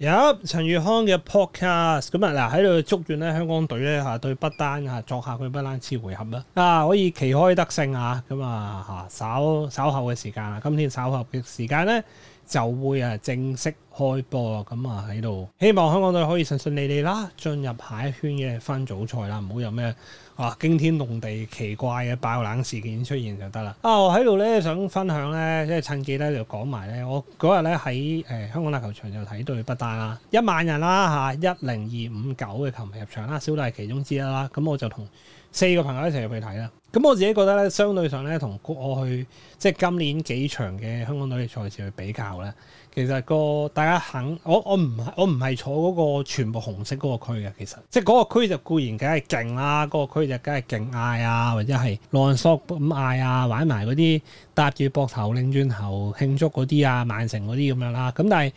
有、yep, 陳宇康嘅 podcast，咁啊嗱喺度祝願咧香港隊咧嚇對不丹嚇作客佢不丹次回合啦，啊可以旗開得勝啊，咁啊嚇稍稍後嘅時間啊，今天稍後嘅時間咧就會啊正式。開播啦！咁啊喺度，希望香港隊可以順順利利啦，進入下一圈嘅分組賽啦，唔好有咩啊驚天動地奇怪嘅爆冷事件出現就得啦。啊，我喺度咧想分享咧，即係趁記得就講埋咧，我嗰日咧喺誒香港大球場就睇對不丹啦，一萬人啦嚇，一零二五九嘅球迷入場啦，小弟係其中之一啦，咁我就同四個朋友一齊入去睇啦。咁我自己覺得咧，相對上咧，同我去即係今年幾場嘅香港隊嘅賽事去比較咧。其實、個大家肯我我唔我唔係坐嗰個全部紅色嗰個區嘅，其實即係嗰個區就固然梗係勁啦，嗰個區就梗係勁嗌啊，或者係 long shot 咁嗌啊，玩埋嗰啲搭住膊頭擰轉頭慶祝嗰啲啊，曼城嗰啲咁樣啦。咁但係誒、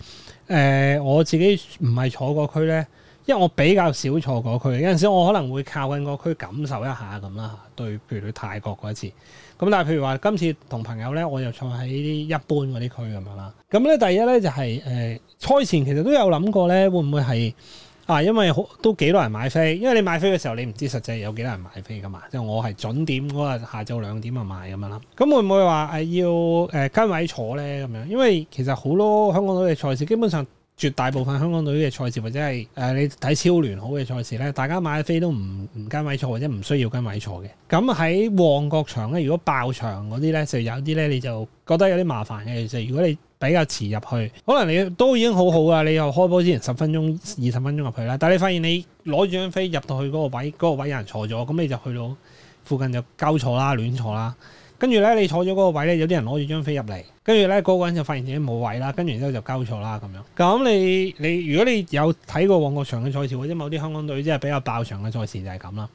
呃、我自己唔係坐個區咧，因為我比較少坐嗰區，有陣時我可能會靠近個區感受一下咁啦。對，譬如去泰國嗰一次。咁但係譬如話今次同朋友咧，我又坐喺啲一般嗰啲區咁樣啦。咁、嗯、咧、嗯、第一咧就係、是、誒，賽、呃、前其實都有諗過咧，會唔會係啊？因為好都幾多人買飛，因為你買飛嘅時候你唔知實際有幾多人買飛噶嘛。即、就、係、是、我係準點嗰日下晝兩點啊買咁樣啦。咁、嗯嗯嗯嗯、會唔會話誒要誒、呃、跟位坐咧咁樣？因為其實好多香港隊嘅賽事基本上。絕大部分香港隊嘅賽事或者係誒你睇超聯好嘅賽事咧，大家買飛都唔唔跟位坐或者唔需要跟位坐嘅。咁喺旺角場咧，如果爆場嗰啲咧，就有啲咧你就覺得有啲麻煩嘅。其實如果你比較遲入去，可能你都已經好好啊，你又開波之前十分鐘、二十分鐘入去啦。但係你發現你攞住張飛入到去嗰個位，嗰個位有人坐咗，咁你就去到附近就交錯啦、亂坐啦。跟住咧，你坐咗嗰個位咧，有啲人攞住張飛入嚟，跟住咧嗰個人就發現自己冇位啦，跟住之後就交錯啦咁樣。咁你你如果你有睇過旺角場嘅賽事或者某啲香港隊即係比較爆場嘅賽事就係咁啦。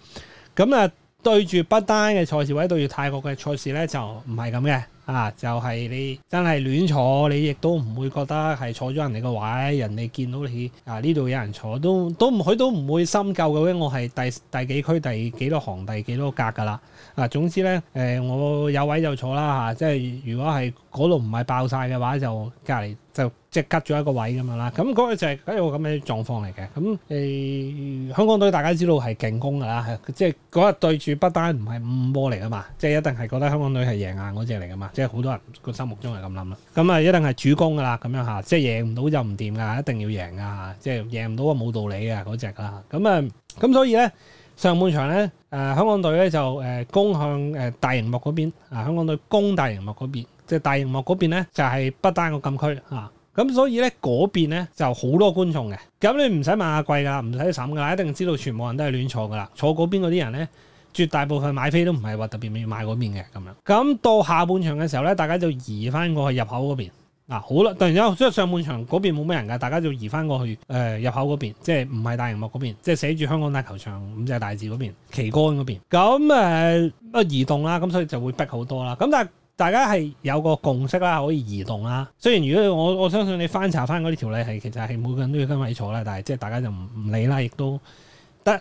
咁啊，對住不丹嘅賽事或者對住泰國嘅賽事咧，就唔係咁嘅。啊，就係、是、你真係亂坐，你亦都唔會覺得係坐咗人哋個位，人哋見到你啊呢度有人坐，都都佢都唔會深究嘅。我係第第幾區第幾多行第幾多格噶啦。啊，總之咧誒、呃，我有位就坐啦嚇、啊。即係如果係嗰度唔係爆晒嘅話，就隔離就即吉咗一個位咁樣啦。咁、嗯、嗰、那個就係一個咁嘅狀況嚟嘅。咁、嗯、誒、欸，香港隊大家知道係勁攻噶啦，即係嗰日對住不丹唔係五五波嚟啊嘛，即係一定係覺得香港隊係贏硬嗰隻嚟噶嘛。即係好多人個心目中係咁諗啦，咁啊一定係主攻噶啦，咁樣吓，即係贏唔到就唔掂噶，一定要贏噶，即係贏唔到啊冇道理噶嗰隻啦。咁啊，咁、嗯、所以咧上半場咧，誒、呃、香港隊咧就誒攻向誒大熒幕嗰邊啊，香港隊攻大熒幕嗰邊，即係大熒幕嗰邊咧就係、是、不單個禁區嚇，咁、啊、所以咧嗰邊咧就好多觀眾嘅，咁你唔使問阿貴噶啦，唔使審噶啦，一定知道全部人都係亂坐噶啦，坐嗰邊嗰啲人咧。絕大部分買飛都唔係話特別咪買嗰邊嘅咁樣，咁到下半場嘅時候咧，大家就移翻過去入口嗰邊。嗱、啊，好啦，突然間即係上半場嗰邊冇咩人噶，大家就移翻過去誒、呃、入口嗰邊，即係唔係大螢幕嗰邊，即係寫住香港大球場五隻大字嗰邊旗杆嗰邊。咁誒咪移動啦，咁所以就會逼好多啦。咁但係大家係有個共識啦，可以移動啦。雖然如果我我相信你翻查翻嗰啲條例係其實係每個人都要跟位坐啦，但係即係大家就唔唔理啦，亦都。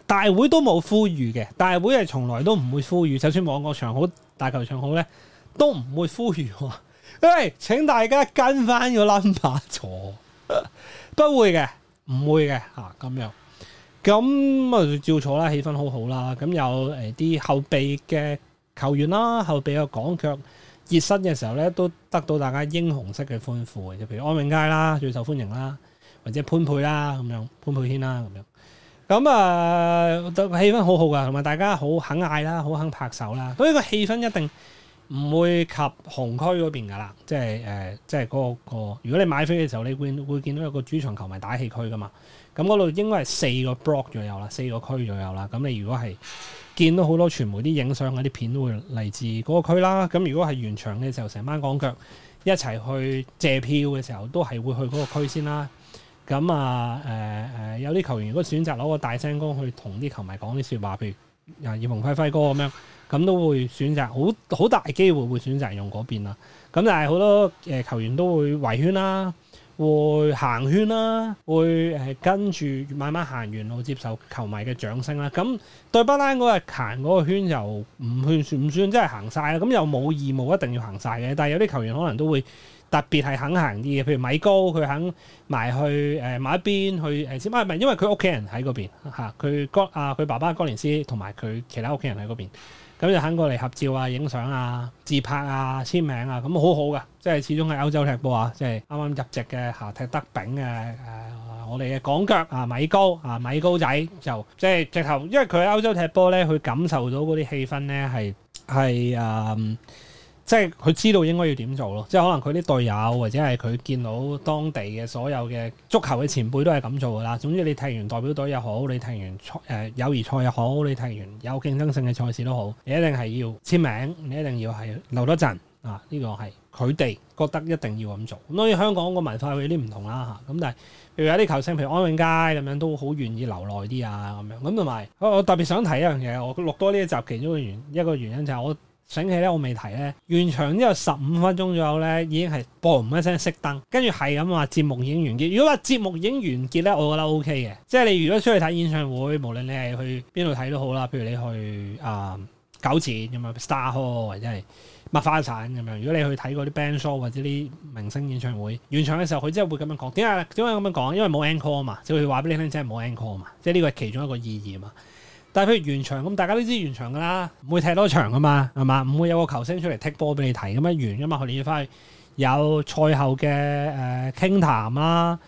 大會都冇呼籲嘅，大會係從來都唔會呼籲，就算旺角場好、大球場好咧，都唔會呼籲。喂、 欸，請大家跟翻個 number 坐， 不會嘅，唔會嘅吓，咁樣咁啊，就照坐啦，氣氛好好啦，咁有誒啲後備嘅球員啦，後備嘅港腳熱身嘅時候咧，都得到大家英雄式嘅歡呼嘅，就譬如安永佳啦，最受歡迎啦，或者潘佩啦咁樣，潘佩軒啦咁樣。咁啊，個、嗯、氣氛好好噶，同埋大家好肯嗌啦，好肯拍手啦，所以個氣氛一定唔會及紅區嗰邊噶啦，即係誒、呃，即係嗰、嗰個嗰個。如果你買飛嘅時候，你會會見到有個主場球迷打氣區噶嘛，咁嗰度應該係四個 block 左右啦，四個區左右啦。咁你如果係見到好多傳媒啲影相嗰啲片，都會嚟自嗰個區啦。咁如果係完場嘅時候，成班港腳一齊去借票嘅時候，都係會去嗰個區先啦。咁啊，誒誒、嗯，有啲球員如果選擇攞個大聲公去同啲球迷講啲説話，譬如啊葉鴻輝輝哥咁樣，咁都會選擇好好大機會會選擇用嗰邊啦。咁但係好多誒球員都會圍圈啦，會行圈啦，會誒跟住慢慢行完路，接受球迷嘅掌聲啦。咁對不拉嗰日行嗰個圈算算算又唔去算唔算即係行晒啦？咁又冇義務一定要行晒嘅，但係有啲球員可能都會。特別係肯行啲嘅，譬如米高，佢肯埋去誒買、呃、一邊去誒，點啊唔係因為佢屋企人喺嗰邊佢、啊、哥啊佢爸爸哥連斯同埋佢其他屋企人喺嗰邊，咁、嗯、就肯過嚟合照啊、影相啊、自拍啊、簽名啊，咁、嗯、好好、啊、嘅，即係始終喺歐洲踢波啊，即係啱啱入籍嘅嚇，踢德丙嘅誒，我哋嘅港腳啊，米高啊，米高仔就即係、就是、直頭，因為佢喺歐洲踢波咧，佢感受到嗰啲氣氛咧係係誒。即係佢知道應該要點做咯，即係可能佢啲隊友或者係佢見到當地嘅所有嘅足球嘅前輩都係咁做噶啦。總之你踢完代表隊又好，你踢完誒友誼賽又好，你踢完有競爭性嘅賽事都好，你一定係要簽名，你一定要係留多陣啊！呢個係佢哋覺得一定要咁做。咁當然香港個文化有啲唔同啦嚇。咁但係譬如有啲球星，譬如安永佳咁樣都好願意留耐啲啊咁樣。咁同埋我特別想提一樣嘢，我錄多呢一集其中嘅原一個原因就係我。醒起咧，我未提咧，完場之後十五分鐘左右咧，已經係嘣一聲熄燈，跟住係咁話節目已經完結。如果話節目已經完結咧，我覺得 OK 嘅。即係你如果出去睇演唱會，無論你係去邊度睇都好啦，譬如你去啊、呃、九展咁啊 Star Hall 或者係麥花臣咁樣。如果你去睇嗰啲 band show 或者啲明星演唱會，完場嘅時候佢真係會咁樣講。點解點解咁樣講？因為冇 encore 啊嘛，即係話俾你聽真係冇 encore 啊嘛，即係呢個係其中一個意義嘛。但係譬如完場咁，大家都知完場㗎啦，唔會踢多場㗎嘛，係嘛？唔會有個球星出嚟踢波俾你睇咁樣完㗎嘛。佢哋要翻去，去有賽後嘅誒、呃、傾談啦，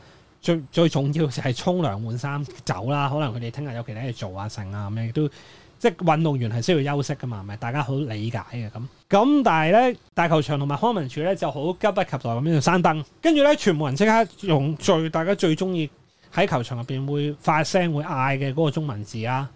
最最重要就係沖涼換衫走啦。可能佢哋聽日有其他嘢做啊成啊咁樣亦都即係運動員係需要休息㗎嘛，咪大家好理解嘅咁。咁但係咧，大球場同埋康文署咧就好急不及待咁樣要閂燈，跟住咧全部人即刻用最大家最鍾意喺球場入邊會發聲會嗌嘅嗰個中文字啊！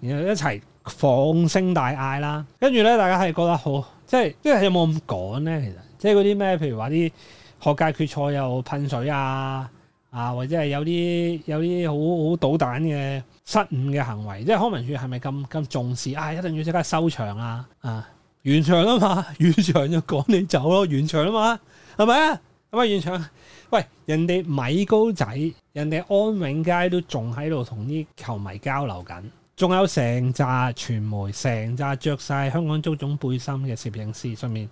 然後一齊放聲大嗌啦，跟住咧，大家係覺得好，即係即係有冇咁趕咧？其實，即係嗰啲咩，譬如話啲學界決賽又噴水啊，啊，或者係有啲有啲好好搗蛋嘅失誤嘅行為，即係康文署係咪咁咁重視？啊，一定要即刻收場啊！啊，完場啊嘛，完場就趕你走咯，完場啊嘛，係咪啊？咁啊，完場，完場，喂，人哋米高仔，人哋安永佳都仲喺度同啲球迷交流緊。仲有成紮傳媒，成紮着晒香港足總背心嘅攝影師，上面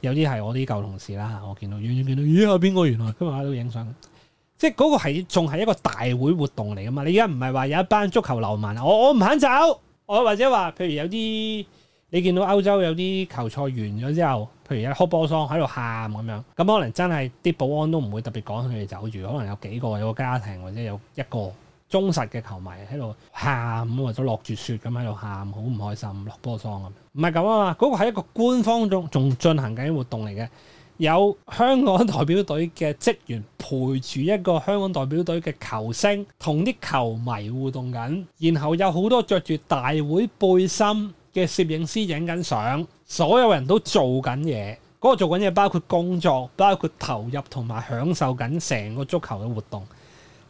有啲係我啲舊同事啦，我見到遠遠見到，咦？係邊個？原來今日喺度影相。即係嗰個係仲係一個大會活動嚟㗎嘛？你而家唔係話有一班足球流氓，我我唔肯走。我或者話，譬如有啲你見到歐洲有啲球賽完咗之後，譬如有哭波桑喺度喊咁樣，咁可能真係啲保安都唔會特別趕佢哋走住，可能有幾個有個家庭或者有一個。忠實嘅球迷喺度喊，或者落住雪咁喺度喊，好唔開心，落波桑咁。唔係咁啊嘛，嗰個係一個官方仲仲進行緊活動嚟嘅，有香港代表隊嘅職員陪住一個香港代表隊嘅球星同啲球迷互動緊，然後有好多着住大會背心嘅攝影師影緊相，所有人都做緊嘢，嗰個做緊嘢包括工作，包括投入同埋享受緊成個足球嘅活動。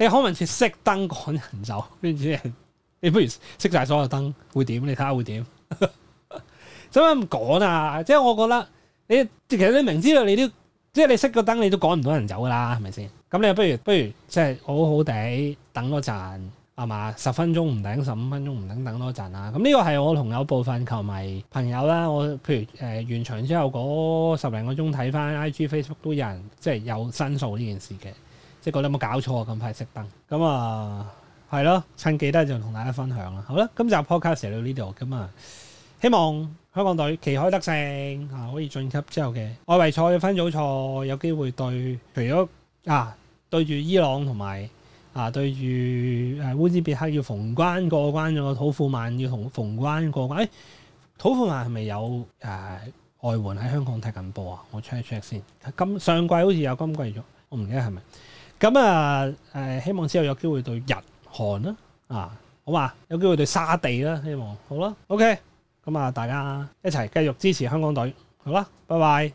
你可唔可以熄燈趕人走？跟 住你不如熄晒所有燈，會點？你睇下會點？做乜唔趕啊？即係我覺得你，你其實你明知道你都，即係你熄個燈，你都趕唔到人走噶啦，係咪先？咁你又不如不如即係，就是，好好地等多陣，係嘛？十分鐘唔頂，十五分鐘唔頂，等多陣啊！咁呢個係我同有部分球迷朋友啦，我譬如誒、呃、完場之後嗰十零個鐘睇翻 IG Facebook 都有人即係有申訴呢件事嘅。即係覺得有冇搞錯快、嗯、啊？近排熄燈咁啊，係咯，趁記得就同大家分享啦。好啦，今集 podcast 嚟到呢度咁啊，希望香港隊旗開得勝啊，可以晉級之後嘅外圍賽嘅分組賽有機會對，除咗啊對住伊朗同埋啊對住烏茲別克要逢關過關咗，土庫曼要同逢關過關。誒，土庫曼係咪有誒、啊、外援喺香港踢緊波啊？我 check 一 check 先，今上季好似有今季咗，我唔記得係咪。咁啊，希望之後有機會對日韓啦，啊好嘛，有機會對沙地啦，希望好啦，OK，咁啊，大家一齊繼續支持香港隊，好啦，拜拜。